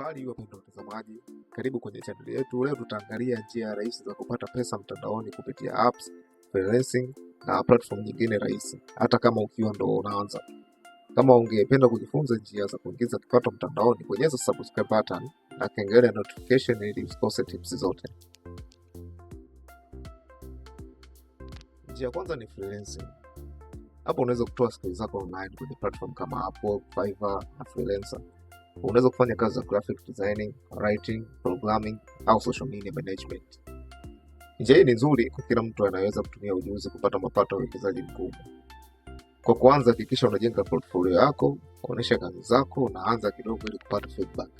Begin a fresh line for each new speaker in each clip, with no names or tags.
mbalimbali mbali, wapenda watazamaji, karibu kwenye chaneli yetu. Leo tutaangalia njia rahisi za kupata pesa mtandaoni kupitia apps, freelancing na platform nyingine rahisi, hata kama ukiwa ndo unaanza. Kama ungependa kujifunza njia za kuingiza kipato mtandaoni, bonyeza subscribe button na kengele ya notification ili usikose tips zote. Njia ya kwanza ni freelancing. Hapo unaweza kutoa skills zako online kwenye platform kama Upwork, Fiverr na Freelancer. Unaweza kufanya kazi za graphic designing, writing, programming au social media management. Njia hii ni nzuri kwa kila mtu anayeweza kutumia ujuzi kupata mapato ya uwekezaji mkubwa. Kwa kuanza, hakikisha unajenga portfolio yako, kuonyesha kazi zako, unaanza kidogo ili kupata feedback.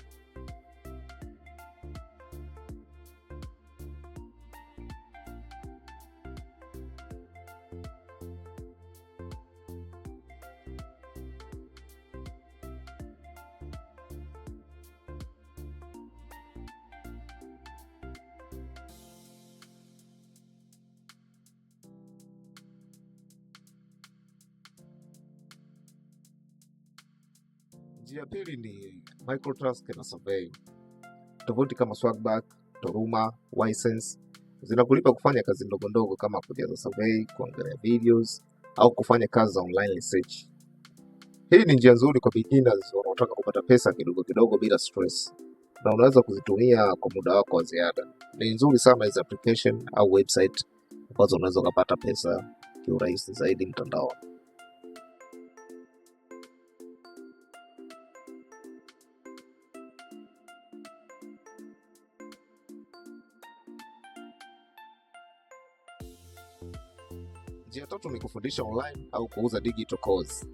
Njia pili ni MicroTrask na Survey. Tofauti kama Swagback, Toruma, Ysense zinakulipa kufanya kazi ndogo ndogo kama kujaza survey, kuangalia videos au kufanya kazi za online research. Hii ni njia nzuri kwa beginners wanaotaka kupata pesa kidogo kidogo bila stress, na unaweza kuzitumia kwa muda wako wa ziada. Ni nzuri sana hizi application au website ambazo unaweza ukapata pesa kiurahisi zaidi mtandaoni. Njia tatu ni kufundisha online au kuuza digital course.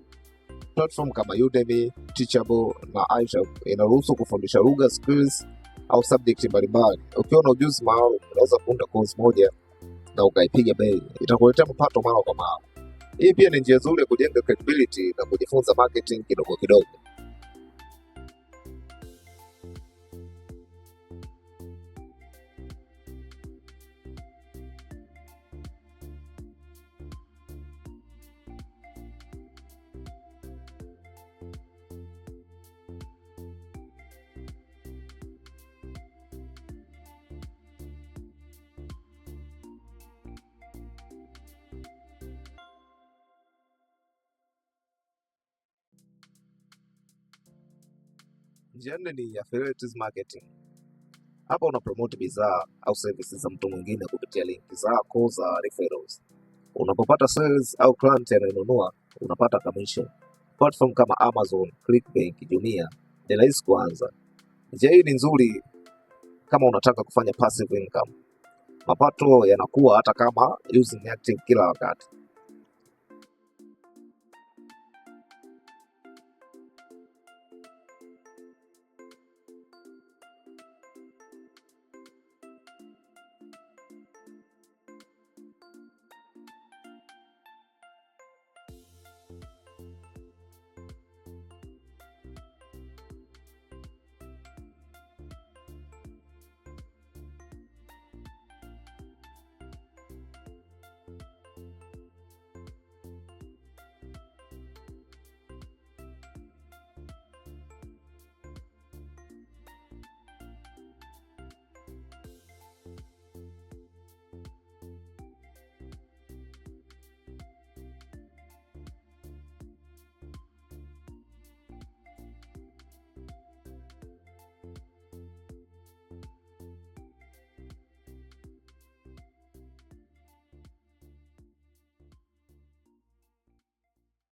Platform kama Udemy, Teachable na iShop inaruhusu kufundisha lugha, skills au subject mbalimbali. Ukiwa na ujuzi maalum, unaweza kuunda course moja na ukaipiga bei, itakuletea mapato mara kwa mara. Hii pia ni njia nzuri ya kujenga credibility na kujifunza marketing kidogo kidogo. Njia nne ni affiliate marketing. Hapa una promote bidhaa au services za mtu mwingine kupitia linki zako za referrals. Unapopata sales au client anayonunua, unapata commission. Platform kama Amazon, Clickbank, Jumia ni rahisi kuanza. Njia hii ni nzuri kama unataka kufanya passive income. Mapato yanakuwa hata kama using active kila wakati.